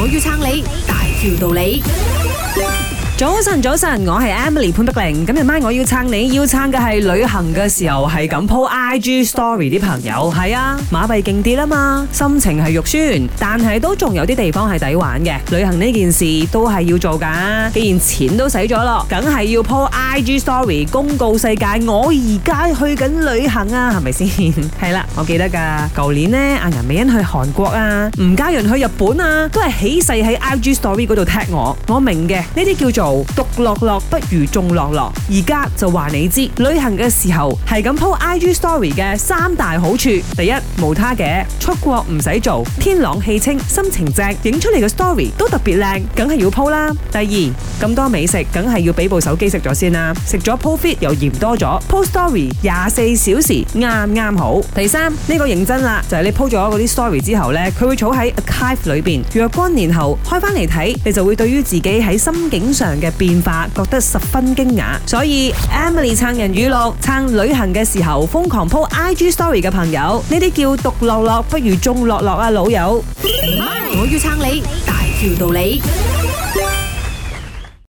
我要撐你，大條道理。早晨，早晨，我係 Emily 潘碧玲。今日晚我要撐你，要撐嘅係旅行嘅時候係咁 po IG story 啲朋友。係啊，馬幣勁啲啦嘛，心情係肉酸，但係都仲有啲地方係抵玩嘅。旅行呢件事都係要做噶，既然錢都使咗咯，梗係要 po IG story 公告世界，我而家去緊旅行啊，係咪先？係啦，我記得噶，舊年呢，阿楊美欣去韓國啊，吳嘉陽去日本啊，都係起勢喺 IG story 嗰度踢我。我明嘅，呢啲叫做。獨樂樂不如眾樂樂，而家就話你知，旅行嘅時候係咁 po IG story 嘅三大好處：第一，無他嘅，出國唔使做，天朗氣清，心情正，影出嚟嘅 story 都特別靚，梗係要 po 啦。第二，咁多美食，梗係要俾部手機食咗先啦，食咗 po fit 又嫌多咗，po story 廿四小時啱啱好。第三，呢個認真啦，就係你 po 咗嗰啲 story 之後呢，佢會儲喺 archive 裏邊，若干年後開翻嚟睇，你就會對於自己喺心境上。嘅變化覺得十分驚訝，所以 Emily 撐人語錄撐旅行嘅時候瘋狂 po IG Story 嘅朋友，呢啲叫獨樂樂不如眾樂樂啊，老友！Hi, 我要撐你，大條道理。